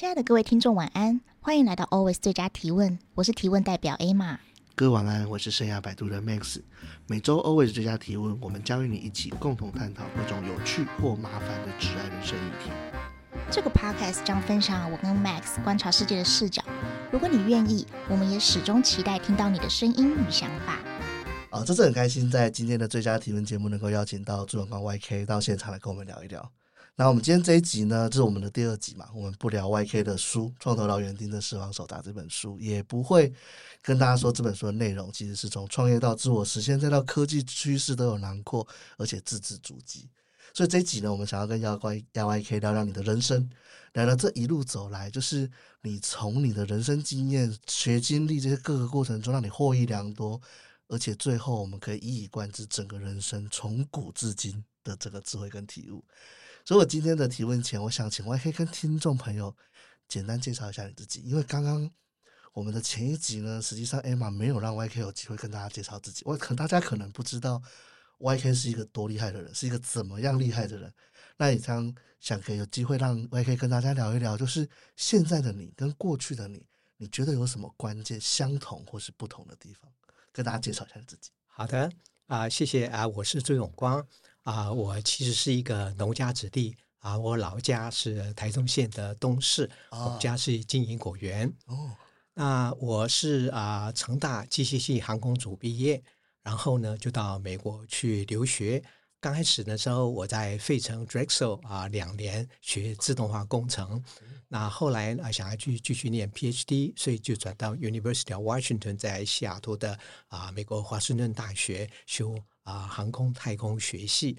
親愛的各位聽眾，晚安！歡迎來到 Always 最佳提問，我是提問代表 Emma。各位晚安，我是生涯擺渡的 Max。每周 Always 最佳提問，我們將與你一起共同探討各種有趣或麻煩的職涯人生議題。這個 podcast 將分享我跟 Max 觀察世界的視角。如果你願意，我們也始終期待聽到你的聲音與想法。哦，真是很開心，在今天的最佳提問節目能夠邀請到朱永光 YK 到現場來跟我們聊一聊。那我們今天這一集呢，這是我們的第二集嘛？我們不聊 YK 的書《創投老園丁的私房手札》這本書，也不會跟大家說這本書的內容其實是從創業到自我實現，再到科技趨勢都有囊括，而且字字珠璣。所以這一集呢，我們想要跟 YK、YK 聊聊你的人生，聊聊這一路走來，就是你從你的人生經驗、學經歷這些各個過程中，讓你獲益良多，而且最後我們可以一以貫之，整個人生從古至今的這個智慧跟體悟。所以，我今天的提問前，我想請 YK 跟聽眾朋友簡單介紹一下你自己，因為剛剛我們的前一集呢，實際上 Emma 沒有讓 YK 有機會跟大家介紹自己，我可能大家可能不知道 YK 是一個多厲害的人，是一個怎麼樣厲害的人。那也想想，可以有機會讓 YK 跟大家聊一聊，就是現在的你跟過去的你，你覺得有什麼關鍵相同或是不同的地方？跟大家介紹一下自己。好的，啊、呃，謝謝啊、呃，我是朱永光。啊，我其實是一個農家子弟啊，我老家是台中縣的東勢，啊、我們家是經營果園。哦，那、啊、我是啊，成大機械系航空組畢業，然後呢，就到美國去留學。剛開始的時候，我在費城 Drexel 啊兩年學自動化工程，那後來啊想要去繼續念 PhD，所以就轉到 University of Washington，在西雅圖的啊美國華盛頓大學修。啊，航空太空學系，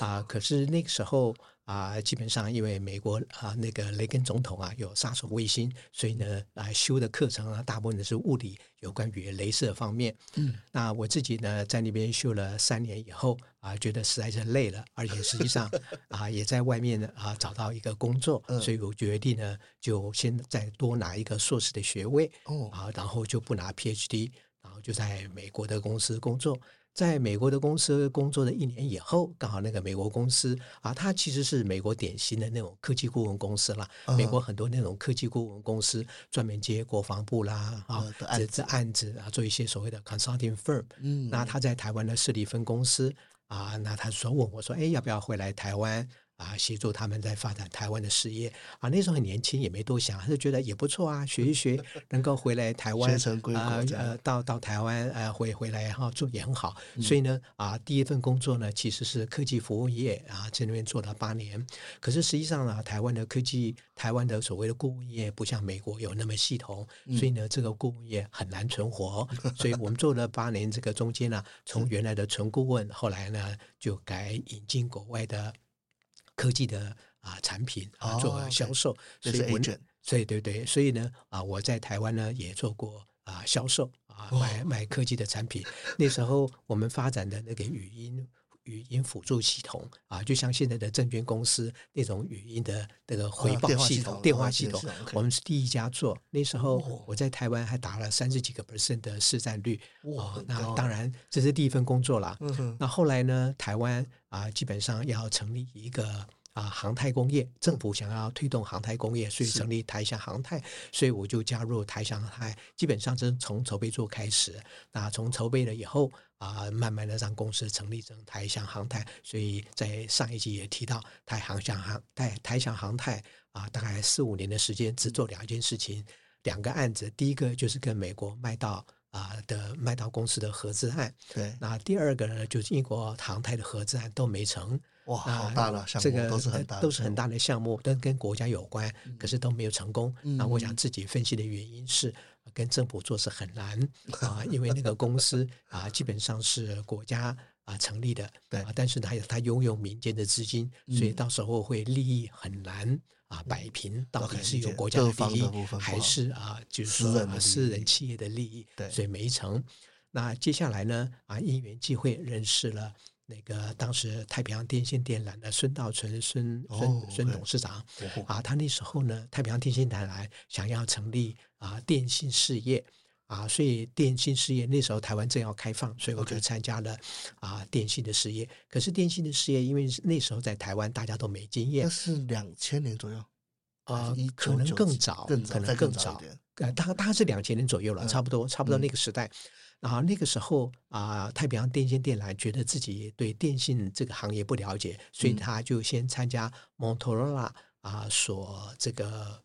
啊，可是那個時候啊，基本上因為美國啊那個雷根總統啊有殺手衛星，所以呢啊修的課程啊大部分都是物理有關於鐳射方面。嗯，那我自己呢在那邊修了三年以後啊，覺得實在是累了，而且實際上 啊也在外面呢啊找到一個工作，嗯、所以我決定呢就先再多拿一個碩士的學位，哦，啊，然後就不拿 PhD，啊、然後就在美國的公司工作。在美國的公司工作了一年以後，剛好那個美國公司啊，他其實是美國典型的那種科技顧問公司啦。美國很多那種科技顧問公司專、哦、門接國防部啦、哦、啊，這這案子啊做一些所謂的 consulting firm、嗯。那他在台灣的設立分公司啊，那他說問我，我說，哎、欸，要不要回來台灣？啊，協助他們在發展台灣的事業啊，那時候很年輕，也沒多想，還是覺得也不錯啊，學一學能夠回來台灣啊、 呃呃，到到台灣呃，回回來後、啊、做也很好，嗯、所以呢啊，第一份工作呢其實是科技服務業啊，在那邊做了八年，可是實際上呢，台灣的科技，台灣的所謂的顧問業不像美國有那麼系統，嗯、所以呢，這個顧問業很難存活，嗯、 所以我們做了八年，這個中間呢，從原來的純顧問，後來呢就改引進國外的。科技的啊產品啊做銷售，這是 Agent，所以對，對對，所以呢啊我在台灣呢也做過啊銷售啊賣賣科技的產品，oh. 那時候我們發展的那個語音。語音輔助系統啊，就像現在的證券公司那種語音的那個回報系統、oh, 電話系統，我們是第一家做。那時候我在台灣還達了三十幾個 percent 的市占率啊，oh, oh, 那當然這是第一份工作啦。Oh, 那後來呢，台灣啊，基本上要成立一個啊航太工業，政府想要推動航太工業，所以成立台翔航太，是所以我就加入台翔航太。基本上就是從籌備做開始，那從籌備了以後，啊，慢慢的讓公司成立成台翔航太。所以在上一集也提到台翔航翔航太、台翔航太，台翔航太啊，大概四五年的時間只做兩件事情，嗯、兩個案子。第一個就是跟美國麥道啊的麥道公司的合資案，對。那第二個呢，就是英國航太的合資案都沒成。哇，呃、好大了，項目都是很大的，這個呃、都是很大的項目，都跟國家有關，嗯、可是都沒有成功。嗯、那我想自己分析的原因是。跟政府做是很難啊，因為那個公司啊， 基本上是國家啊、呃、成立的，對，但是它有它擁有民間的資金，嗯、所以到時候會利益很難啊擺平，到底是有國家的利益，嗯嗯嗯、還是啊就是說私人企業的利益？對所以沒成。那接下來呢？啊，因緣際會認識了。那個當時太平洋電線電纜的孫道存孫孫孫董事長，啊、oh, okay. oh, oh. 呃，他那時候呢，太平洋電信台來想要成立啊、呃、電信事業，啊、呃，所以電信事業那時候台灣正要開放，所以我就參加了啊 Okay.、呃、電信的事業。可是電信的事業，因為那時候在台灣大家都沒經驗，那是兩千年左右啊、呃，可能更早，更早更早可能更早，大概大概是兩千年左右了，嗯、差不多，差不多那個時代。嗯然後那個時候啊、呃，太平洋電信電纜覺得自己對電信這個行業不了解，嗯、所以他就先參加摩托羅拉啊所這個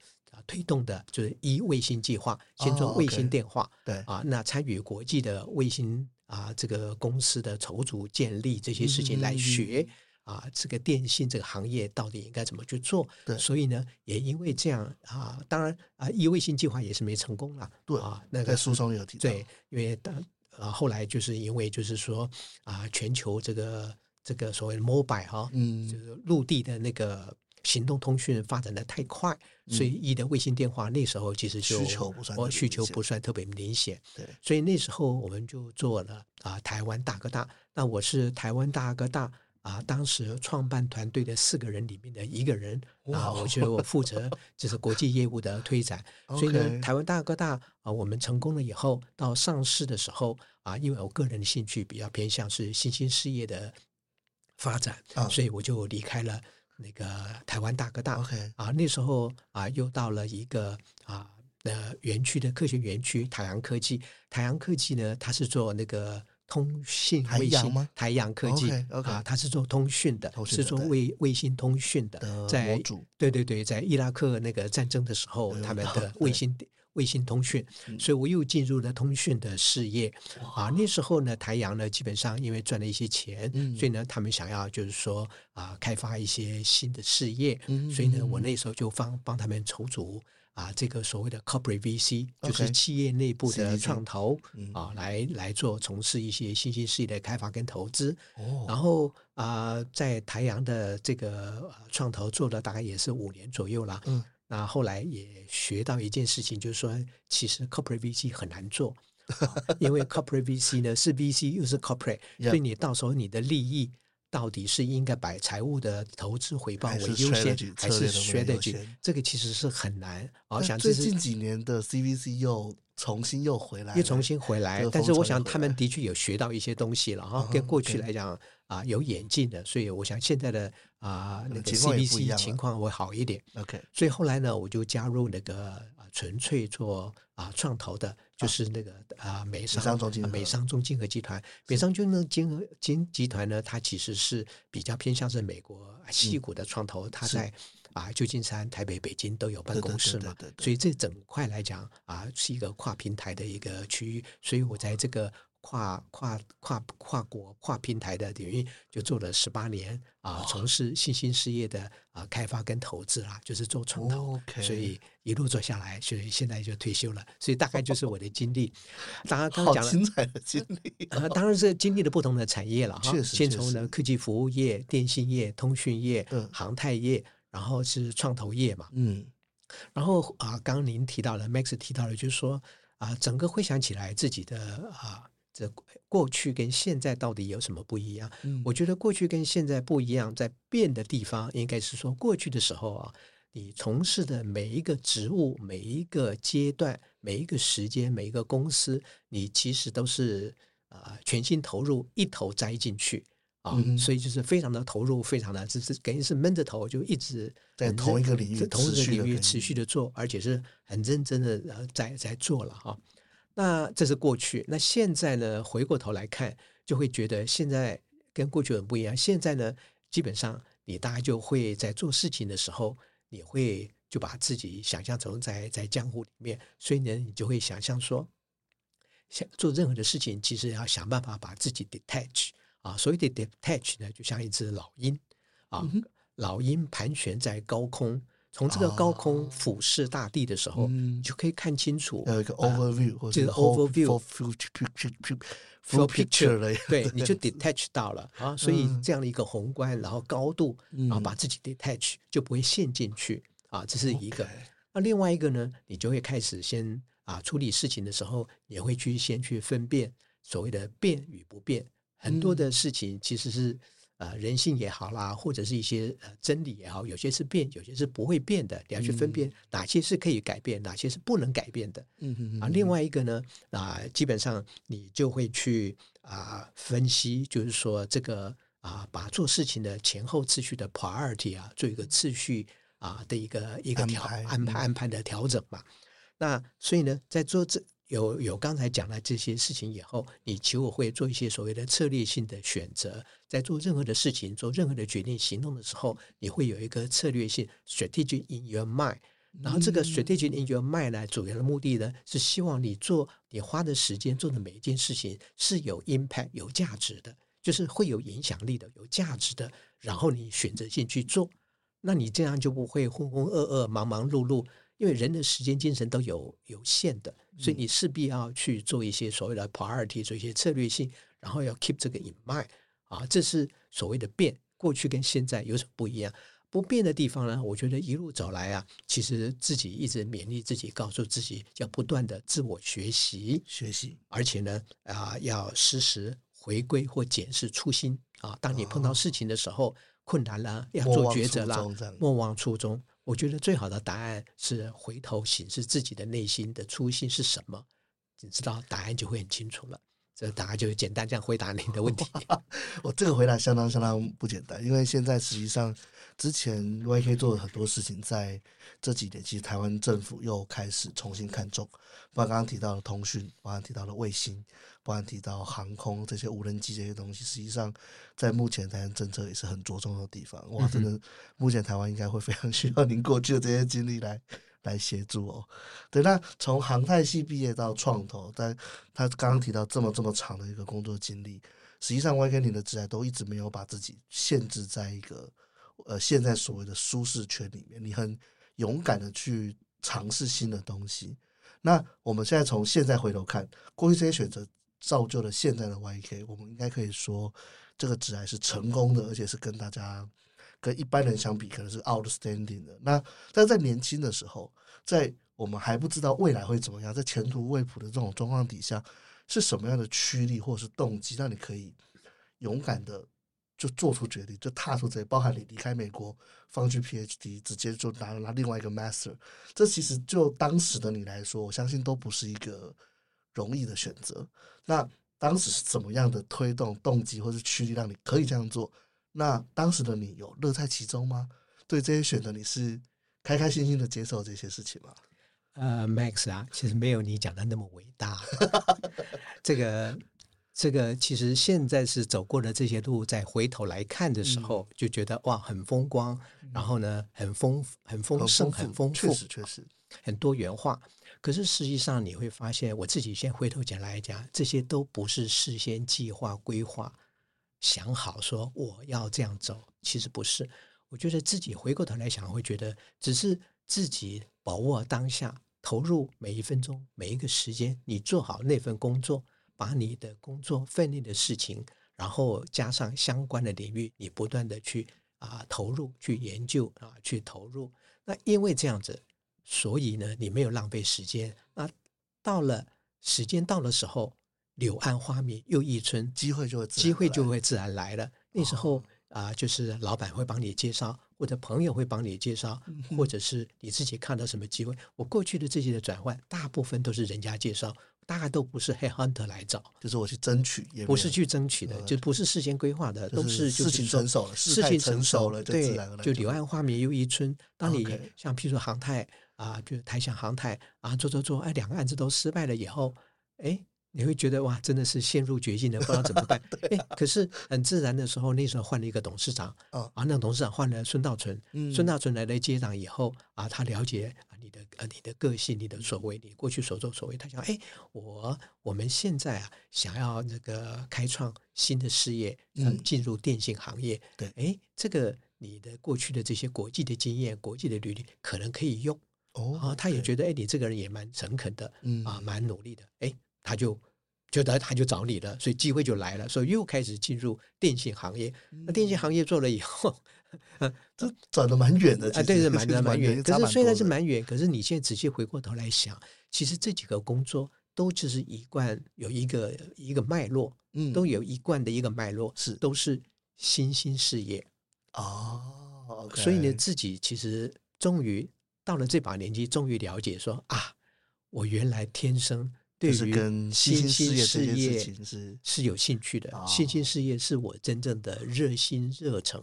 推動的，就是銥、e、衛星計劃，先做衛星電話，哦 okay、對啊、呃，那參與國際的衛星啊、呃、這個公司的籌組、建立這些事情來學。嗯嗯啊，這個電信這個行業到底應該怎麼去做？對，所以呢，也因為這樣啊，當然啊，銥衛星計劃也是沒成功了。對啊，那個書中有提到。對，因為啊，後來就是因為就是說啊，全球這個這個所謂的 mobile 哈、啊，嗯，就是陸地的那個行動通訊發展的太快，嗯、所以銥的衛星電話那時候其實就需求，不算、哦、需求不算特別明顯。對，對，所以那時候我們就做了啊，台灣大哥大。那我是台灣大哥大，啊，當時創辦團隊的四個人裡面的一個人哇、哦、啊，我就負責就是國際業務的推展。 所以呢，台灣大哥大啊，我們成功了以後，到上市的時候啊，因為我個人的興趣比較偏向是新興事業的發展，哦、所以我就離開了那個台灣大哥大。 啊，那時候啊，又到了一個啊的園區的科學園區，太陽科技。太陽科技呢，它是做那個。通信、衛星、台揚科技啊，它是做通訊的，是做衛衛星通訊的。在對對對，在伊拉克那個戰爭的時候，他們的衛星衛星通訊，所以我又進入了通訊的事業。啊，那時候呢，台揚呢，基本上因為賺了一些錢，所以呢，他們想要就是說啊，開發一些新的事業。所以呢，我那時候就幫幫他們籌組。啊，這個所謂的 corporate VC okay, 就是企業內部的創投是是是啊，嗯、來來做從事一些新興事業的開發跟投資。哦。然後啊、呃，在台陽的這個創投做了大概也是五年左右了。嗯。那、啊、後來也學到一件事情，就是說，其實 corporate VC 很難做， 因為 corporate VC 呢是 VC 又是 corporate， 所以你到時候你的利益。到底是應該把財務的投資回報為優先，還是學那句？這個其實是很難。我想最近幾年的 CVC 又重新又回來，又重新回來。但是我想他們的確有學到一些東西了哈，跟過去來講啊有演進的，所以我想現在的啊那個 CVC 情況會好一點。OK，所以後來呢，我就加入那個純粹做啊創投的。就是那個啊，美商中經，美商中經合集團，美商中經合集團呢，它其實是比較偏向是美國矽谷的創投，嗯、它在是啊，舊金山、台北、北京都有辦公室嘛，對對對對對，所以這整塊來講啊，是一個跨平台的一個區域，所以我在這個。跨跨跨跨國跨平台的，等於就做了十八年啊，從、呃、事新興事業的啊、呃，開發跟投資啦、啊，就是做創投，Okay. 所以一路做下來，所以現在就退休了。所以大概就是我的經歷，oh, 當然剛講了好精彩的經歷啊、哦呃，當然是經歷了不同的產業了哈。嗯、實先從呢科技服務業、電信業、通訊業、嗯、航太業，然後是創投業嘛。嗯，然後啊，剛、呃、剛您提到了 Max 提到了，就是說啊、呃，整個回想起來自己的啊。呃這過去跟現在到底有什麼不一樣？嗯、我覺得過去跟現在不一樣，在變的地方，應該是說過去的時候啊，你從事的每一個職務、每一個階段、每一個時間、每一個公司，你其實都是啊、呃，全心投入，一頭栽進去啊，嗯、所以就是非常的投入，非常的，只是等於是悶着頭就一直在同一個領域同一個領域持續的做，而且是很認真的在在做了哈、啊。那這是過去，那現在呢？回過頭來看，就會覺得現在跟過去很不一樣。現在呢，基本上你大家就會在做事情的時候，你會就把自己想象成在在江湖裡面，所以呢，你就會想象說，想做任何的事情，其實要想辦法把自己 detach 啊，所謂的 detach 呢，就像一隻老鷹啊，嗯、哼老鷹盤旋在高空。從這個高空俯視大地的時候，啊、你就可以看清楚。這、嗯啊、個 overview，或者 overview full full picture，, full picture 對，你就 detach 到了啊。嗯、所以這樣的一個宏觀，然後高度，然後把自己 detach，嗯、就不會陷進去啊。這是一個。那 okay、啊、另外一個呢，你就會開始先啊處理事情的時候，也會去先去分辨所謂的變與不變。很多的事情其實是。啊、呃，人性也好啦，或者是一些呃真理也好，有些是變，有些是不會變的。你要去分辨哪些是可以改變，哪些是不能改變的。嗯，嗯嗯啊，另外一個呢，啊、呃，基本上你就會去啊、呃、分析，就是說這個啊、呃，把做事情的前後次序的 priority 啊，做一個次序啊的一個一個調安排安排，安排的調整嘛。嗯、那所以呢，在做這。有有剛才講了這些事情以後，你其實會做一些所謂的策略性的選擇，在做任何的事情、做任何的決定、行動的時候，你會有一個策略性 s t r a t e g c in your mind）。然後這個 s t r a t e g c in your mind 呢，主要的目的呢是希望你做你花的時間做的每一件事情是有 impact、有價值的，就是會有影響力的、有價值的，然後你選擇性去做，那你這樣就不會渾渾噩噩、忙忙碌碌。因為人的時間精神都有有限的，所以你勢必要去做一些所謂的 priority，做一些策略性，然後要 keep 這個 in mind 啊，這是所謂的變。過去跟現在有什麼不一樣，不變的地方呢，我覺得一路走來啊，其實自己一直勉勵自己，告訴自己要不斷的自我學習學習，而且呢啊，要時時回歸或檢視初心啊。當你碰到事情的時候，哦、困難了，要做抉擇了，莫忘初衷。我覺得最好的答案是回頭審視自己的內心的初心是什麼，你知道答案就會很清楚了。大家就是簡單這樣回答您的問題。我這個回答相當相當不簡單，因為現在實際上之前 YK 做了很多事情，在這幾年其實台灣政府又開始重新看重。包括剛剛提到了通訊，包括提到了衛星，包括提到，括提到航空這些無人機這些東西，實際上在目前台灣政策也是很着重的地方。哇，真的，目前台灣應該會非常需要您過去的這些經歷來來協助哦，對，那從航太系畢業到創投，但他剛剛提到這麼這麼長的一個工作經歷，實際上 YK 你的職涯都一直沒有把自己限制在一個呃現在所謂的舒適圈裡面，你很勇敢的去嘗試新的東西。那我們現在從現在回頭看，過去這些選擇造就了現在的 YK，我們應該可以說這個職涯是成功的，而且是跟大家，跟一般人相比，可能是 outstanding 的。那但是在年輕的時候，在我們還不知道未來會怎麼樣，在前途未卜的這種狀況底下，是什麼樣的驅力或者是動機，讓你可以勇敢的就做出決定，就踏出這，包含你離開美國，放棄 PhD，直接就拿拿另外一個 Master。這其實就當時的你來說，我相信都不是一個容易的選擇。那當時是怎麼樣的推動、動機或是驅力，讓你可以這樣做？那當時的你有樂在其中嗎？對這些選擇你是開開心心的接受這些事情嗎？呃，Max 啊，其實沒有你講的那麼偉大。 這個，這個其實現在是走過的這些路，再回頭來看的時候，嗯、就覺得哇，很風光。嗯、然後呢，很豐，很豐盛，很，很豐富，確實確實，很多元化。可是實際上你會發現，我自己先回頭講來講，這些都不是事先計劃規劃。想好說我要這樣走，其實不是。我覺得自己回過頭來想，會覺得只是自己把握當下，投入每一分鐘、每一個時間，你做好那份工作，把你的工作分內的事情，然後加上相關的領域，你不斷的去啊投入，去研究啊去投入。那因為這樣子，所以呢，你沒有浪費時間。那到了時間到了的時候，柳暗花明又一村，機會就會，機會就會自然來了。哦、那時候啊、呃，就是老板會幫你介紹，或者朋友會幫你介紹，或者是你自己看到什麼機會。嗯、哼我過去的這些的轉換，大部分都是人家介紹，大概都不是 head hunter 來找，就是我去爭取，不是去爭取的，嗯、就不是事先規劃的，都是事情成熟了，事情成熟了，對，就柳暗花明又一村。嗯、當你像譬如說航太、呃、譬如航太啊，就台翔航太啊，做做做，哎，兩個案子都失敗了以後，哎。你會覺得哇，真的是陷入絕境了，不知道怎麼辦 對、啊。可是很自然的時候，那時候換了一個董事長、哦、啊，那董事長換了孫道存，孫道存來了接掌以後、嗯、啊，他了解你的、呃、你的個性、你的所謂你過去所作所為，他想哎，我我們現在啊想要那個開創新的事業，呃、進入電信行業，嗯、誒對，哎，這個你的過去的這些國際的經驗、國際的履歷可能可以用哦、啊，他也覺得哎、哦誒，你這個人也蠻誠懇的，嗯、啊，蠻努力的，哎。他就覺得，他就找你了，所以機會就來了，所以又開始進入電信行業。那電信行業做了以後，嗯， 這走得蠻遠的其實啊，對，是蠻的蠻遠。蠻遠蠻，可是雖然是蠻遠，可是你現在仔細回過頭來想，其實這幾個工作都只是一貫有一個、嗯、一個脈絡，嗯，都有一貫的一個脈絡，是都是新興事業哦。Okay，所以呢，自己其實終於到了這把年紀，終於了解說啊，我原來天生。對於新興事業這件事情是，就是跟新興事業是有興趣的。哦、新興事業是我真正的熱心熱誠，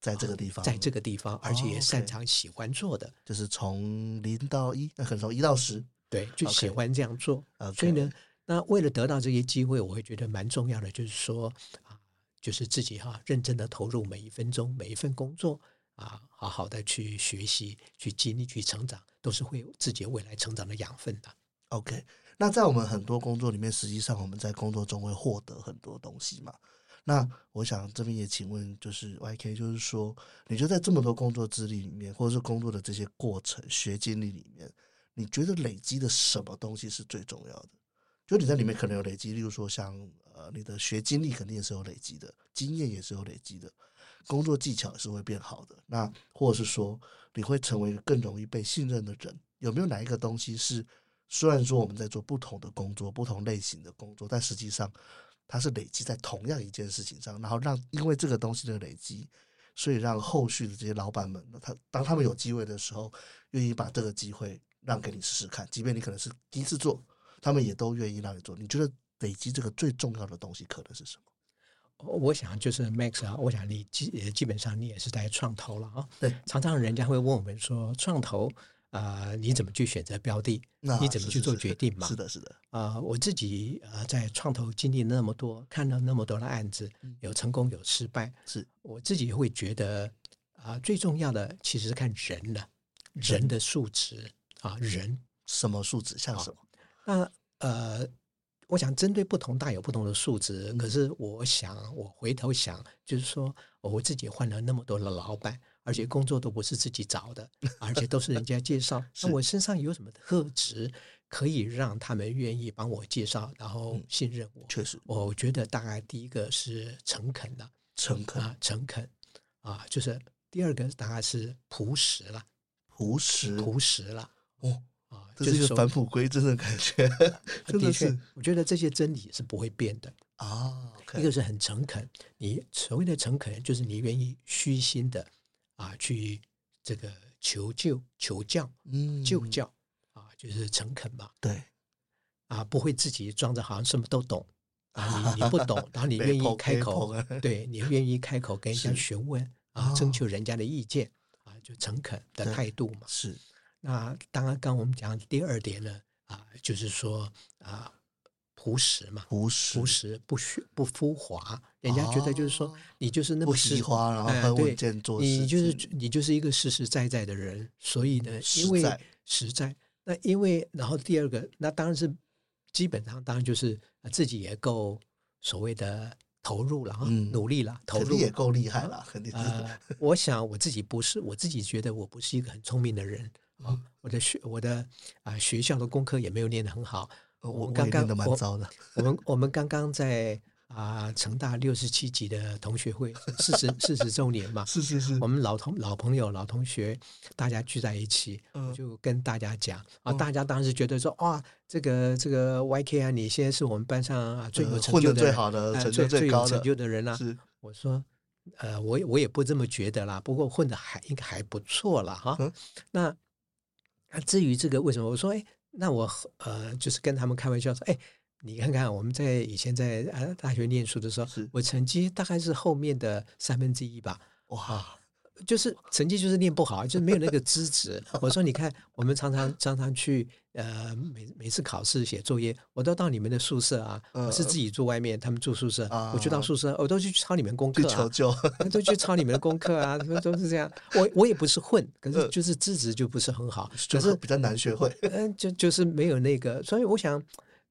在這個地方、哦，在這個地方，而且也擅長喜歡做的。哦、okay, 就是從零到一，那可能從一到十，對，就喜歡這樣做。Okay, okay. 所以呢，那為了得到這些機會，我會覺得蠻重要的，就是說啊，就是自己哈，認真的投入每一分鐘，每一份工作啊，好好的去學習，去經歷，去成長，都是會有自己未來成長的養分的。OK。那在我們很多工作裡面，實際上我們在工作中會獲得很多東西嘛。那我想這邊也請問，就是 YK，就是說，你覺得在這麼多工作資歷裡面，或者是工作的這些過程、學經歷裡面，你覺得累積的什麼東西是最重要的？就你在裡面可能有累積，例如說像呃，你的學經歷肯定也是有累積的，經驗也是有累積的，工作技巧也是會變好的。那或者是說，你會成為更容易被信任的人？有沒有哪一個東西是？雖然說我們在做不同的工作、不同類型的工作，但實際上它是累積在同樣一件事情上，然後讓因為這個東西的累積，所以讓後續的這些老板們，他當他們有機會的時候，願意把這個機會讓給你試試看，即便你可能是第一次做，他們也都願意讓你做。你覺得累積這個最重要的東西可能是什麼？我想就是 Max 啊，我想你基也基本上你也是在創投了啊、哦，對，常常人家會問我們說創投。啊、呃，你怎麼去選擇標的？那你怎麼去做決定嘛？是的，是的。啊、呃，我自己啊，在創投經歷那麼多，看到那麼多的案子，嗯、有成功有失敗。是，我自己會覺得啊、呃，最重要的其實是看人的，人的素質人啊，人什麼素質像什麼。哦、那呃，我想針對不同大有不同的素質。嗯、可是我想，我回頭想，就是說，我自己換了那麼多的老闆。而且工作都不是自己找的，而且都是人家介紹。那 是我身上有什麼特質可以讓他們願意幫我介紹，然後信任我？嗯、確實，我覺得大概第一個是誠懇的懇、啊，誠懇誠懇啊，就是第二個大概是樸實了，樸實樸實了哦啊，就是，這是返璞歸真的感覺。啊、的確，真的是我覺得這些真理是不會變的啊。哦 okay、一個是很誠懇，你所謂的誠懇就是你願意虛心的。啊，去這個求救、求教、教嗯，救教啊，就是誠懇嘛。對，啊，不會自己裝着好像什麼都懂，啊，你你不懂，然後你願意開口，啊、對，你願意開口跟人家詢問是啊，徵求人家的意見啊，就誠懇的態度嘛。是。那當然，剛我們講的第二點呢，啊，就是說啊。樸實嘛，樸實時，樸實，不虛不浮華，人家覺得就是說、哦、你就是那麼不虛華，然後對，穩健做事、呃，你就是你就是一個實實在在的人，所以呢，在因為實在，那因為然後第二個，那當然是基本上當然就是、呃、自己也夠所謂的投入了哈，努力了，嗯、投入也夠厲害了，肯定是、呃、我想我自己不是，我自己覺得我不是一個很聰明的人啊、嗯嗯，我的學我的啊、呃、學校的功課也沒有念得很好。我們剛剛的，我們我們剛剛在啊、呃、成大六十七級的同學會四十四十周年嘛 是是是，我們老同老朋友老同學大家聚在一起，就跟大家講、呃、啊，大家當時覺得說哇、哦哦，這個這個 YK 啊，你現在是我們班上、啊、最有成就的最好的成最高成就的人了。是我說呃，我也我也不這麼覺得啦，不過混的還應該還不錯啦。哈。嗯、那那至於這個為什麼我說誒。那我呃，就是跟他們開玩笑說：“哎，你看看我們在以前在啊大學念書的時候，是我成績大概是後面的三分之一吧。”哇。就是成績就是念不好，就是沒有那個資質。 我說你看，我們常常常常去，呃，每每次考試寫作業，我都到你們的宿舍啊。呃、我是自己住外面，他們住宿舍。呃、我去到宿舍，呃、我都去抄你們功課。求救都去抄你們的功課啊，都是這樣。我我也不是混，可是就是資質就不是很好，呃、是就是比較難學會。嗯、呃，就就是沒有那個，所以我想，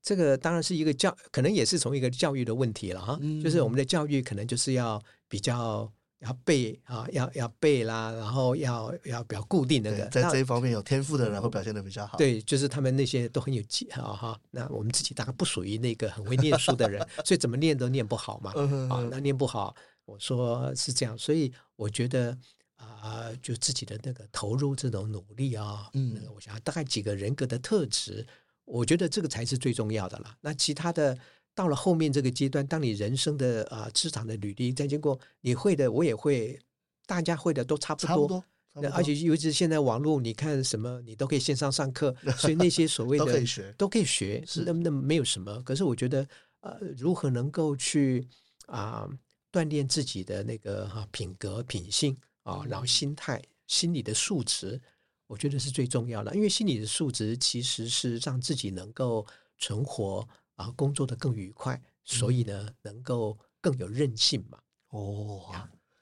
這個當然是一個教，可能也是從一個教育的問題了哈、啊。就是我們的教育可能就是要比較。要背啊，要要背啦，然後要要比較固定的，那個。對，在這一方面有天賦的，人會要、呃、表現的比較好。對，就是他們那些都很有技啊哈。那我們自己大概不屬於那個很會唸書的人， 所以怎麼唸都唸不好嘛。 啊，那念不好，我說是這樣，所以我覺得啊，呃，就自己的那個投入這種努力啊，哦，嗯，我想大概幾個人格的特質，我覺得這個才是最重要的了。那其他的。到了後面這個階段，當你人生的啊、呃、職場的履歷再經過，你會的，我也會，大家會的都差不多，差不多，差不多，而且尤其是現在網絡，你看什麼你都可以線上上課，所以那些所謂的 都可以學，都可以學，是那麼那沒有什麼。可是我覺得，呃，如何能夠去啊、呃、鍛鍊自己的那個品格、品性啊、哦，然後心態、嗯、心理的素質，我覺得是最重要的，因為心理的素質其實是讓自己能夠存活，然後工作的更愉快，嗯、所以呢，能夠更有韌性嘛。哦，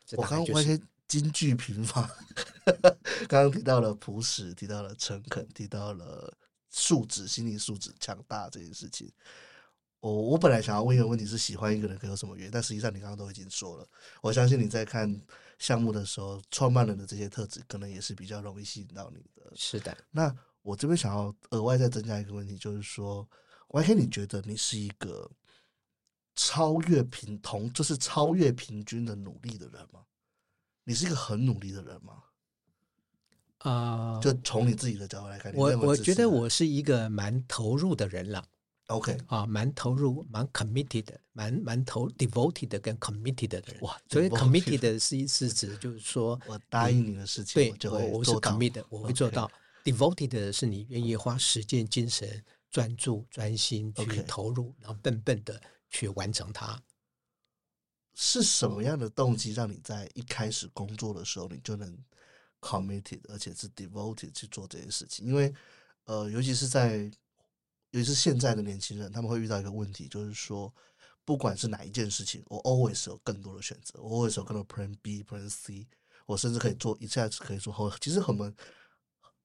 就是、我剛剛發現金句頻發， 剛剛提到了樸實，提到了誠懇，提到了素質、心理素質、強大這件事情。我我本來想要問一個問題，是喜歡一個人，可有什麼原因？但實際上你剛剛都已經說了。我相信你在看項目的時候，創辦人的這些特質，可能也是比較容易吸引到你的。是的。那我這邊想要額外再增加一個問題，就是說，YK， 你覺得你是一個超越平同，就是超越平均的努力的人嗎？你是一個很努力的人嗎？啊、呃，就從你自己的角度來看，我我覺得我是一個蠻投入的人了。OK 啊，蠻投入，蠻 committed，蠻蠻投 devoted 跟 committed 的人。哇，Dev oted 所以 committed、嗯、是是指就是說我答應你的事情、嗯，對，我，我是 committed 的，我會做到。Okay. devoted 是你願意花時間、精神。專注、專心去投入，Okay 然後笨笨的去完成它。是什麼樣的動機讓你在一開始工作的時候，你就能 committed，而且是 devoted 去做這些事情？因為，呃，尤其是在，尤其是現在的年輕人，他們會遇到一個問題，就是說，不管是哪一件事情，我 always 有更多的選擇，我 always 有更多 plan B、plan C，我甚至可以做一下子可以做。其實很們，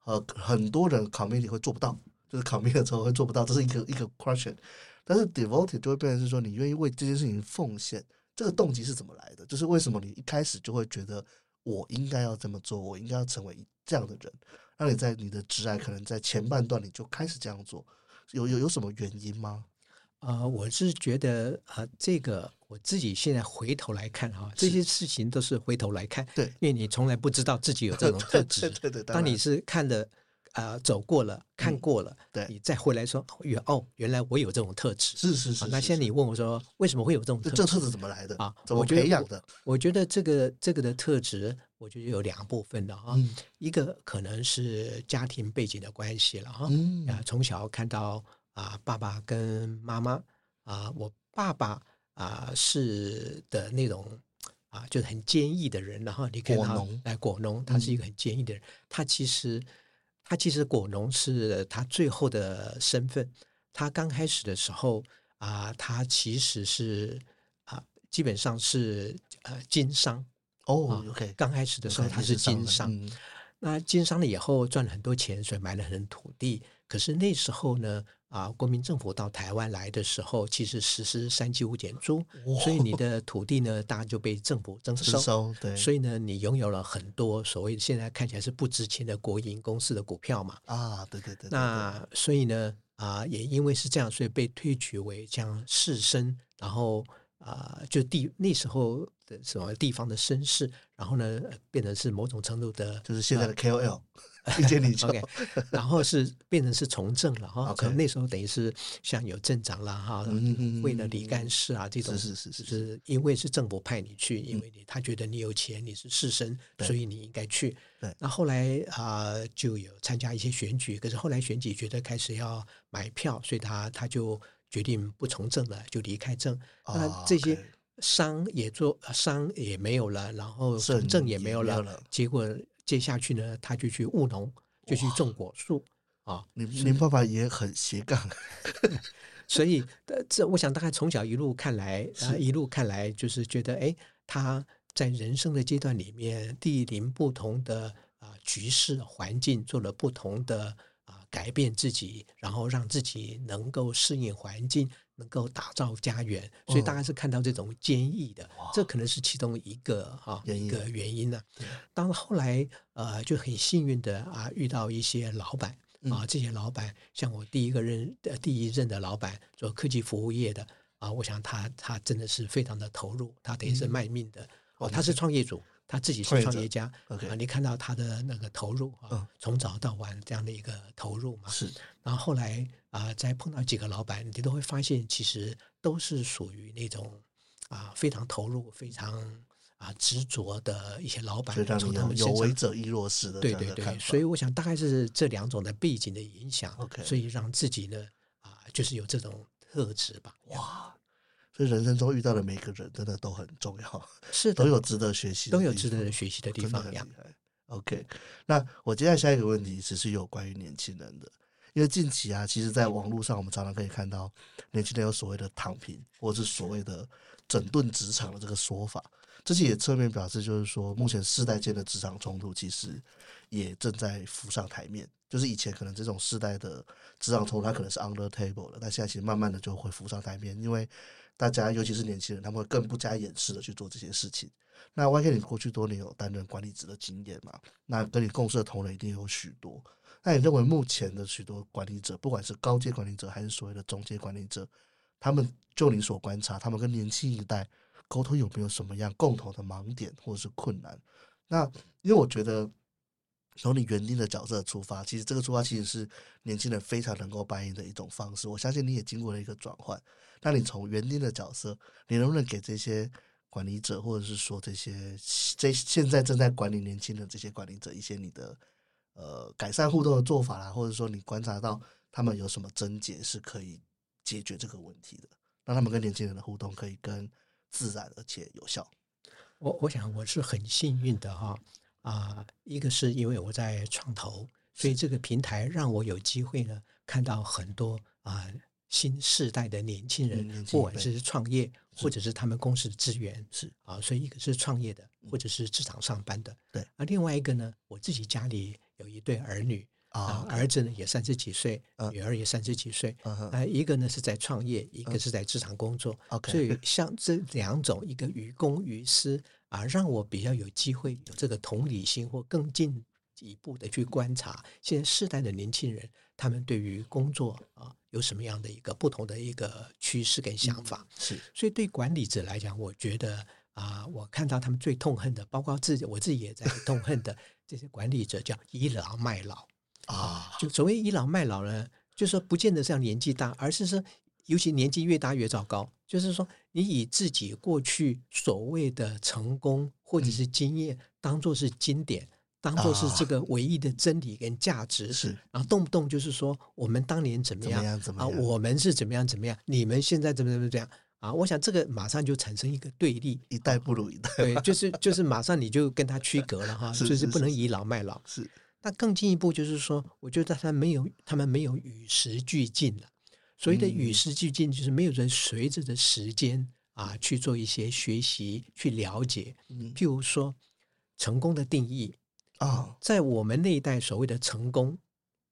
呃，很多人 committed 會做不到。就是考慮了，之後會做不到，這是一個一個 question。但是 devoted 就會變成是說，你願意為這件事情奉獻，這個動機是怎麼來的？就是為什麼你一開始就會覺得我應該要這麼做，我應該要成為這樣的人？讓、啊、你在你的職涯，可能在前半段你就開始這樣做，有有有什麼原因嗎？啊、呃，我是覺得啊、呃，這個我自己現在回頭來看哈、啊，這些事情都是回頭來看，對，因為你從來不知道自己有這種特質。 對，對對對，當，當你是看的。啊、呃，走過了，看過了，嗯、對，你再回來說，原哦，原來我有這種特質，是是是，是，是、啊。那現在你問我說，為什麼會有這種特質？這這特質怎麼來的啊？怎麼培養的我？我覺得這個這個的特質，我覺得有兩部分的啊。嗯、一個可能是家庭背景的關係了哈。啊，從小看到啊，爸爸跟媽媽啊，我爸爸啊是的那種啊，就是很堅毅的人。然、啊、後你看哈，來果，農果農，他是一個很堅毅的人，嗯、他其實。他其實果農是他最後的身份。他剛開始的時候啊、呃，他其實是啊、呃，基本上是呃經商哦、oh,，OK。剛開始的時候他是經商，嗯、那經商了以後賺了很多錢，所以買了很多土地。可是那時候呢？啊，國民政府到台灣來的時候，其實實施三七五減租，哇所以你的土地呢，當然就被政府徵收。徵收，對。所以呢，你擁有了很多所謂現在看起來是不值錢的國營公司的股票嘛。啊，對對對、對、對。那所以呢，啊，也因為是這樣，所以被推舉為這樣士紳，然後啊、呃，就地那時候的什麼地方的紳士，然後呢，變成是某種程度的，就是現在的 KOL。呃推薦你去，然後是變成是從政了哈。可能那時候等於是像有鎮長了哈，為了里幹事啊這種。是是是是，因為是政府派你去，因為你他覺得你有錢，你是士紳，所以你應該去。那後來啊，就有參加一些選舉，可是後來選舉覺得開始要買票，所以他他就決定不從政了，就離開政。那這些商也做，商也沒有了，然後從政也沒有了，結果。接下去呢，他就去務農，就去種果樹啊。你爸爸也很斜槓， 所以這我想大概從小一路看來的、啊，一路看來就是覺得，哎，他在人生的階段裡面，面臨不同的啊、呃、局勢環境，做了不同的啊、呃、改變自己，然後讓自己能夠適應環境。能夠打造家園，所以大概是看到這種堅毅的，哦、這可能是其中一個啊哇一個原因呢。因當後來呃就很幸運的啊遇到一些老板啊，這些老板像我第一個任、呃、第一任的老板做科技服務業的啊，我想他他真的是非常的投入，他等於是賣命的、嗯、哦，他是創業主。嗯他自己是創業家啊，okay, 你看到他的那個投入啊，嗯、從早到晚這樣的一個投入嘛。是。然後後來啊、呃，再碰到幾個老板，你都會發現其實都是屬於那種啊、呃、非常投入、非常啊、呃、執着的一些老板。從他們有為者亦若是的，的。對對對。所以我想大概是這兩種的背景的影響，Okay 所以讓自己呢啊、呃、就是有這種特質吧。哇。就人生中遇到的每個人，真的都很重要，是的都有值得學習，都有值得人學習的地方一樣。真的很厲害。OK，那我接下來下一個問題其實是有關於年輕人的，因為近期啊，其實在網絡上我們常常可以看到年輕人有所謂的躺平，或者是所謂的整頓職場的這個說法，這些也側面表示就是說，目前世代間的職場衝突其實也正在浮上台面。就是以前可能這種世代的職場衝突，它可能是 under table 了，但現在其實慢慢的就會浮上台面，因為。大家，尤其是年輕人，他們會更不加掩飾的去做這些事情。那 YK，你過去多年有擔任管理職的經驗嘛。那跟你共事的同仁一定有許多。那你認為目前的許多管理者，不管是高階管理者還是所謂的中階管理者，他們就你所觀察，他們跟年輕一代溝通有沒有什麼樣共同的盲點或者是困難？那因為我覺得。從你園丁的角色出發，其實這個出發其實是年輕人非常能夠扮演的一種方式。我相信你也經過了一個轉換。那你從園丁的角色，你能不能給這些管理者，或者是說這些這現在正在管理年輕人這些管理者一些你的呃改善互動的做法啦，或者說你觀察到他們有什麼症結是可以解決這個問題的，讓他們跟年輕人的互動可以更自然而且有效。我我想我是很幸運的哈、哦。啊、呃，一個是因為我在創投，所以這個平台讓我有機會呢，看到很多啊、呃、新時代的年輕人，不管、嗯、是創業是或者是他們公司的職員是啊，所以一個是創業的，或者是職場上班的，嗯、對。啊，另外一個呢，我自己家裡有一對兒女啊，哦、兒子呢也三十幾歲，嗯、女兒也三十幾歲，啊、嗯，一個呢是在創業，嗯、一個是在職場工作、嗯、，OK。所以像這兩種，一個於公於私。而、啊、讓我比較有機會有這個同理心，或更進一步的去觀察現在世代的年輕人，他們對於工作啊有什麼樣的一個不同的一個趨勢跟想法？嗯、是，所以對管理者來講，我覺得啊，我看到他們最痛恨的，包括自己，我自己也在痛恨的，這些管理者叫倚老賣老啊。 就所謂倚老賣老呢，就是、說不見得這樣年紀大，而是說。尤其年紀越大越糟糕，就是說，你以自己過去所謂的成功或者是經驗，當做是經典，嗯、當做是這個唯一的真理跟價值是，啊、然後動不動就是說，我們當年怎麼樣怎麼樣，怎麼樣啊，我們是怎麼樣怎麼樣，你們現在怎麼怎麼樣啊？我想這個馬上就產生一個對立，一代不如一代，對，就是就是馬上你就跟他區隔了哈， 就是不能倚老賣老。是，是，是，那更進一步就是說，我覺得他沒有，他們沒有與時俱進了。所謂的與時俱進，就是沒有人隨着這時間啊去做一些學習、去了解。譬如說，成功的定義啊，在我們那一代所謂的成功，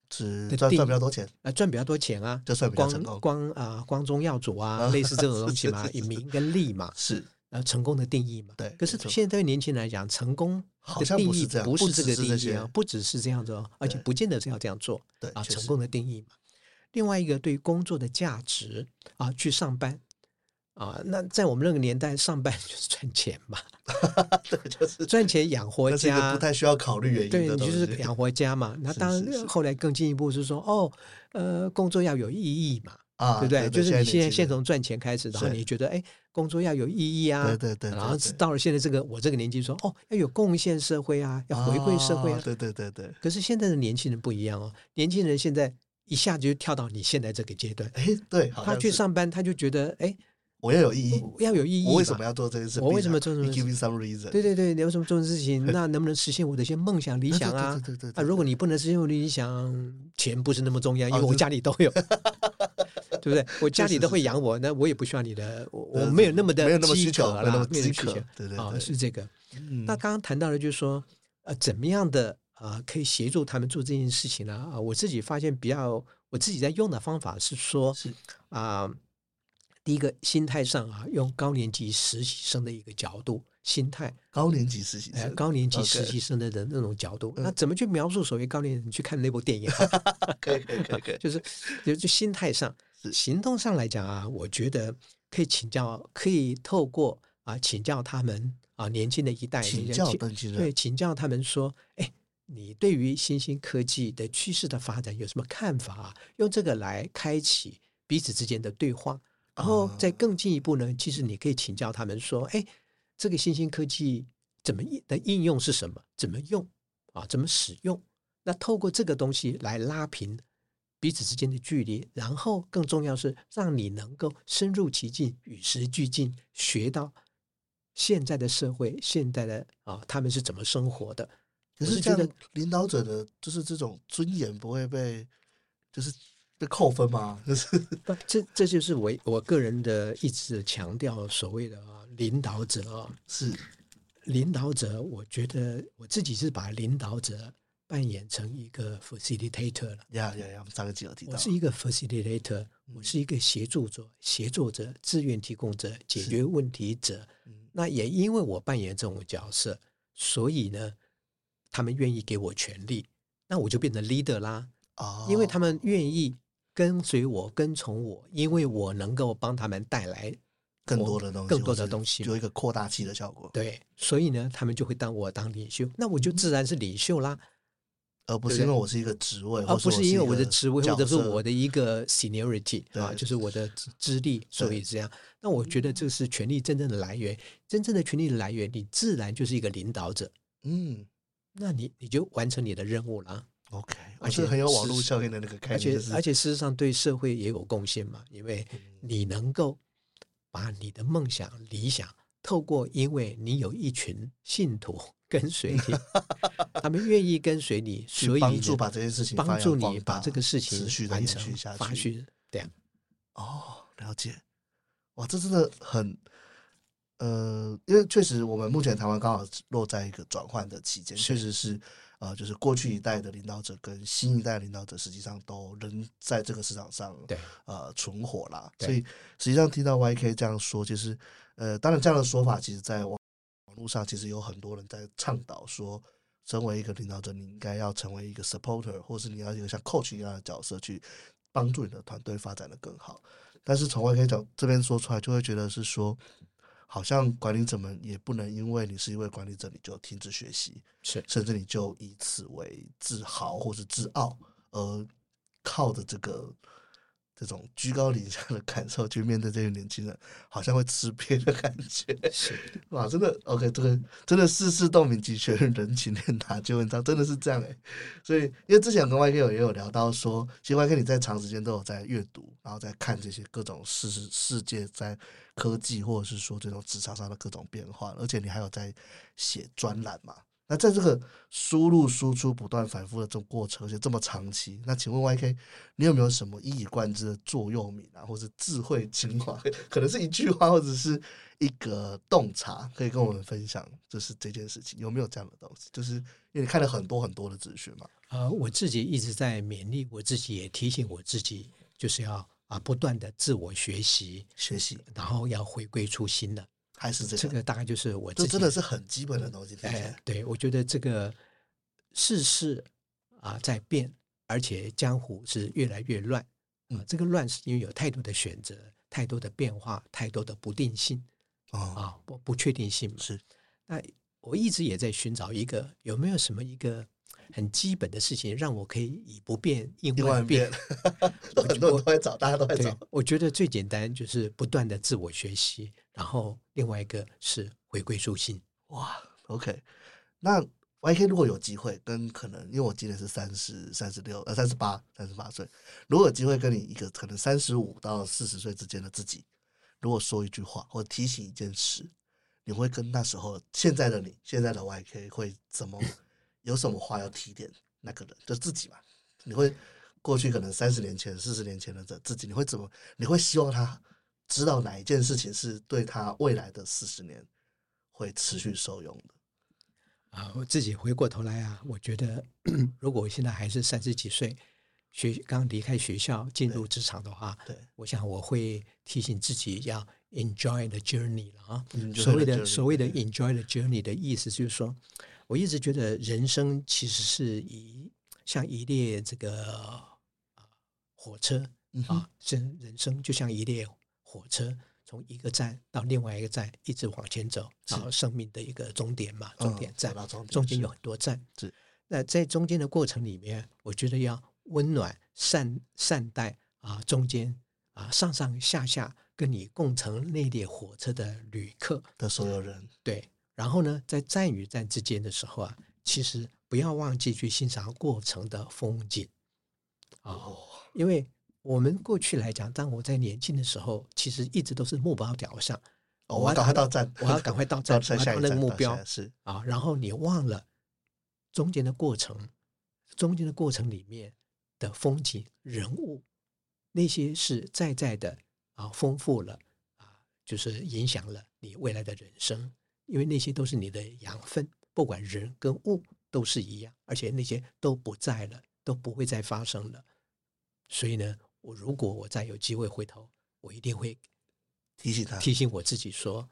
只賺賺比較多錢啊，賺比較多錢啊，光光啊，光宗耀祖啊，類似這種東西嘛，以名跟利嘛，是啊，成功的定義嘛。對。可是現在對年輕人來講，成功的定義不是這個定義啊，不只是這樣做，而且不見得是要這樣做。對啊，成功的定義嘛。另外一個對於工作的價值啊，去上班啊，那在我們那個年代，上班就是賺錢嘛， 對，就是賺錢養活家。那是一個不太需要考慮原因的東西。對，就是養活家嘛。那當，是是是，後來更進一步是說，哦，呃，工作要有意義嘛，啊，對不對？對對對，就是你現在，現在先從賺錢開始，然後你覺得，是哎，工作要有意義啊，對對對、對、對對對。然後到了現在這個我這個年紀，說，哦，要有貢獻社會啊，要回饋社會啊。哦，對對對對、對。可是現在的年輕人不一樣哦，年輕人現在。一下子就跳到你現在這個階段，哎，對，他去上班，他就覺得，哎，我要有意義，要有意義，我為什麼要做這件事？我為什麼做事情？Give me some reason，對對對，你為什麼做事情？那能不能實現我的一些夢想、理想啊？啊，如果你不能實現我的理想，錢不是那麼重要，因為我家裡都有，對不對？我家裡都會養我，那我也不需要你的，我沒有那麼的沒有那麼飢渴了，那麼飢渴，啊，是這個。那剛剛談到的就是說，呃，怎麼樣的？啊、呃，可以協助他們做這件事情呢？啊。啊、呃，我自己發現比較我自己在用的方法是說，是啊、呃，第一個心態上啊，用高年級實習生的一個角度心態，高年級實習生，高年級實習生的人那種角度，歌那怎麼去描述？所謂高年級你，嗯，去看那部電影，啊，可以可以可以，就是就是心態上，是行動上來講啊，我覺得可以請教，可以透過啊請教他們啊年輕的一代，請教人，請對，請教他們說，哎。你對於新興科技的趨勢的發展有什麼看法啊？用這個來開啟彼此之間的對話，然後再更進一步呢？其實你可以請教他們說：“哎，這個新興科技怎麼應的應用是什麼？怎麼用啊？怎麼使用？”那透過這個東西來拉平彼此之間的距離，然後更重要是讓你能夠深入其境、與時俱進，學到現在的社會、現在的啊他們是怎麼生活的。可是這個領導者的就是這種尊嚴不會被就是被扣分嗎？就 是這這就是我我個人的一直強調所謂的啊，領導者是領導者。是領導者我覺得我自己是把領導者扮演成一個 facilitator 了。要要，上個集提到，我是一個 facilitator，我是一個協助者、協助者、資源提供者、解決問題者。是那也因為我扮演這種角色，所以呢。他們願意給我權力，那我就變成 leader 啦。哦、因為他們願意跟隨我、跟從我，因為我能夠幫他們帶來更多的東西，更多的東西，有一個擴大器的效果。對，所以呢，他們就會當我當領袖，那我就自然是領袖啦，而、嗯呃、不是因為我是一個職位，而、啊、不是因為我的職位或者是我的一個 seniority，對、啊、就是我的資歷，所以這樣。對那我覺得這是權力真正的來源，真正的權力的來源，你自然就是一個領導者。嗯。那你你就完成你的任務了。OK，而且我很有網絡效應的那個概念，就是，而且而且事實上對社會也有貢獻嘛，因為你能夠把你的夢想、理想透過，因為你有一群信徒跟隨你， 他們願意跟隨你， 所以幫助把這件事情，幫助你把這個事情完成持續下去。發對。這樣哦，了解。哇，這真的很。呃，因為確實，我們目前台灣剛好落在一個轉換的期間，確實是，呃，就是過去一代的領導者跟新一代領導者實際上都能在這個市場上對呃存活啦。對所以實際上聽到 YK 這樣說，其實呃，當然這樣的說法其實在網絡上其實有很多人在倡導說，身為一個領導者，你應該要成為一個 supporter，或是你要一個像 coach 一樣的角色去幫助你的團隊發展得更好。但是從 YK 講這邊說出來，就會覺得是說。好像管理者們也不能因為你是一位管理者，你就停止學習，是甚至你就以此為自豪或是自傲，而靠着這個。這種居高臨下的感受去面對這些年輕人，好像會吃癟的感覺。是哇，真的 OK，這個真的世事洞明即學問，人情練達，皆文章真的是這樣哎。所以，因為之前跟 YK 有也有聊到說，其實 YK 你在長時間都有在閱讀，然後在看這些各種世世界在科技或者是說這種職場上的各種變化，而且你還有在寫專欄嘛？那在這個輸入輸出不斷反覆的這過程，就這麼長期。那請問 YK，你有沒有什麼一以貫之的座右銘啊，或是智慧精華？可能是一句話，或者是一個洞察，可以跟我們分享，就是這件事情有沒有這樣的東西？就是因為你看了很多很多的資訊嘛？呃，我自己一直在勉勵我自己，也提醒我自己，就是要啊不斷的自我學習學習習，然後要回歸初心的。還是這，這個大概就是我這真的是很基本的東西。哎，對，我覺得這個世事啊在變，而且江湖是越來越亂。啊、嗯，這個亂是因為有太多的選擇，太多的變化，太多的不定性，嗯、啊，不不確定性是。那我一直也在尋找一個有沒有什麼一個很基本的事情，讓我可以以不變應萬變。外 很多人都會找，大家都會找。我覺得最簡單就是不斷的自我學習。然後，另外一個是回歸初心。哇，OK，那 YK 如果有機會跟可能，因為我今年是三十、呃、三十六呃三十八、三十八歲，如果有機會跟你一個可能三十五到四十歲之間的自己，如果說一句話或提醒一件事，你會跟那時候現在的你、現在的 YK 會怎麼？有什麼話要提點那個人，就自己嘛？你會過去可能三十年前、四十年前的這自己，你會怎麼？你會希望他？知道哪一件事情是對他未來的四十年會持續受用的啊！我自己回過頭來啊，我覺得呵呵如果我現在還是三十幾歲，學剛離開學校進入職場的話，對，對我想我會提醒自己要 enjoy the journey 啊。對嗯、所謂的 the journey, 所謂的 enjoy the journey 的意思就是說，對對對我一直覺得人生其實是一、嗯、像一列這個啊火車、嗯、哼啊，生人生就像一列。火車從一個站到另外一個站，一直往前走，是然後生命的一個終點嘛，哦、終點站。中間點有很多站。是。那在中間的過程裡面，我覺得要溫暖、善善待啊，中間啊，上上下下跟你共乘那列火車的旅客的所有人、嗯。對。然後呢，在站與站之間的時候啊，其實不要忘記去欣賞過程的風景、哦、因為。我們過去來講，當我在年輕的時候，其實一直都是目標導向，我要、哦、我趕快到站，我要趕快到站，達呵到那個目標是啊。然後你忘了中間的過程，中間的過程裡面的風景、人物，那些實實在在地啊，豐富了啊，就是影響了你未來的人生，因為那些都是你的養分，不管人跟物都是一樣，而且那些都不在了，都不會再發生了，所以呢。我如果我再有機會回頭，我一定會提醒他，提醒我自己說，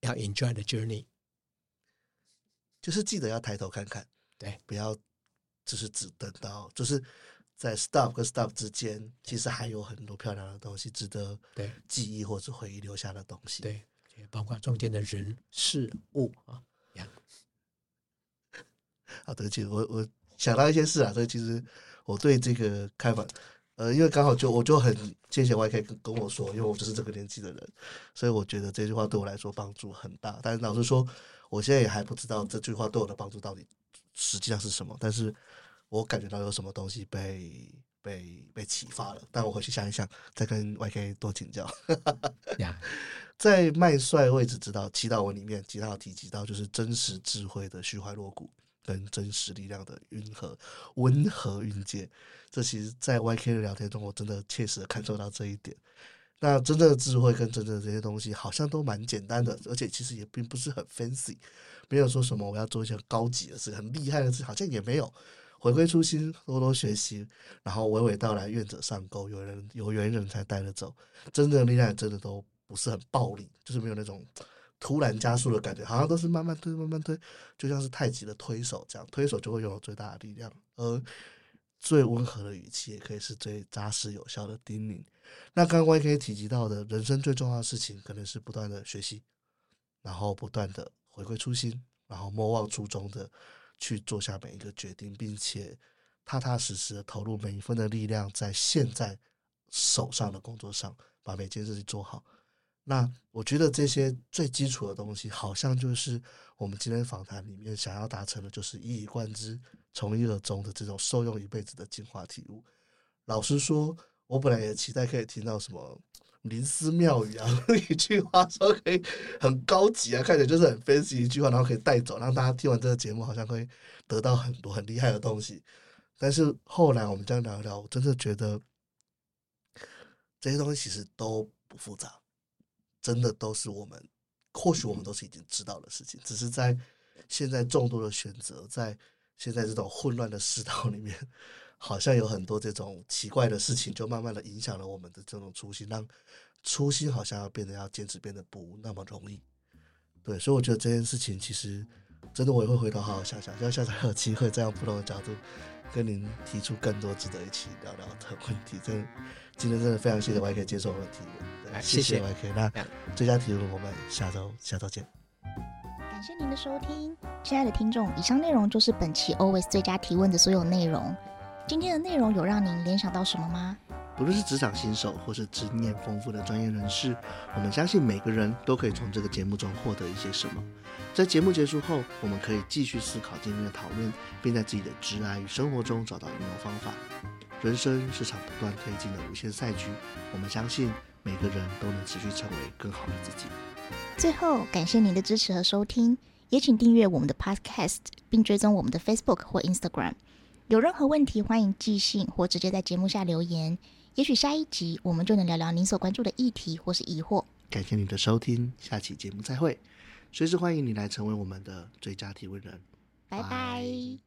要 enjoy the journey，就是記得要抬頭看看，對，不要就是只等到就是在 stop 跟 stop 之間，對其實還有很多漂亮的東西值得對記憶或者回憶留下的東西，對，包括中間的人事物啊，這樣 Yeah。好，我我想到一些事啊，所以其實我對這個開放。呃，因為剛好就我就很謝謝 YK 跟跟我說，因為我就是這個年紀的人，所以我覺得這句話對我來說幫助很大。但是老實說，我現在也還不知道這句話對我的幫助到底實際上是什麼，但是我感覺到有什麼東西被被被啟發了。但我回去想一想，再跟 YK 多請教。呵呵 Yeah. 在麥帥位置知道祈禱文裡面，其他提及到就是真實智慧的虛懷若谷。跟真實力量的運和溫和運界，這其實在 YK 的聊天中，我真的切實感受到這一點。那真正的智慧跟真正的這些東西，好像都蠻簡單的，而且其實也並不是很 fancy，沒有說什麼我要做一些高級的事，很厲害的事，好像也沒有。回歸初心，多多學習，然後娓娓道來，願者上鈎，有人有緣人才帶得走。真正的力量，真的都不是很暴力，就是沒有那種。突然加速的感覺，好像都是慢慢推、慢慢推，就像是太極的推手這樣，推手就會擁有最大的力量，而最溫和的語氣也可以是最紮實有效的叮嚀。那剛剛我也可以提及到的，人生最重要的事情，可能是不斷的學習，然後不斷的回歸初心，然後莫忘初衷的去做下每一個決定，並且踏踏實實的投入每一分的力量在現在手上的工作上，把每件事情做好。那我覺得這些最基礎的東西，好像就是我們今天訪談裡面想要達成的，就是一以貫之、從一而終的這種受用一輩子的精華體悟。老實說，我本來也期待可以聽到什麼靈思妙語啊，一句話說可以很高級啊，看起來就是很分析一句話，然後可以帶走，讓大家聽完這個節目好像可以得到很多很厲害的東西。但是後來我們這樣聊一聊，我真的覺得這些東西其實都不複雜。真的都是我們，或許我們都是已經知道的事情，只是在現在眾多的選擇，在現在這種混亂的世道裡面，好像有很多這種奇怪的事情，就慢慢的影響了我們的這種初心，讓初心好像要變得要堅持變得不那麼容易。對，所以我覺得這件事情其實，真的我也會回頭好好想想，要下次還有機會再用不同的角度。跟您提出更多值得一起聊聊的問題，真的，今天真的非常謝謝 YK 接受我的提問，謝謝 YK。那最佳提問，我們下周下周見。感謝您的收聽，親愛的聽眾，以上內容就是本期 Always 最佳提問的所有內容。今天的內容有讓您聯想到什麼嗎？不論是職場新手或是經驗豐富的專業人士，我們相信每個人都可以從這個節目中獲得一些什麼。在節目結束後，我們可以繼續思考今天的討論，並在自己的職涯與生活中找到應用方法。人生是場不斷推進的無限賽局，我們相信每個人都能持續成為更好的自己。最後，感謝您的支持和收聽，也請訂閱我們的 Podcast，並追蹤我們的 Facebook 或 Instagram。有任何問題，歡迎寄信或直接在節目下留言。也許下一集我們就能聊聊您所關注的議題或是疑惑。感謝您的收聽，下期節目再會。隨時歡迎你來成為我們的最佳提問人，拜拜。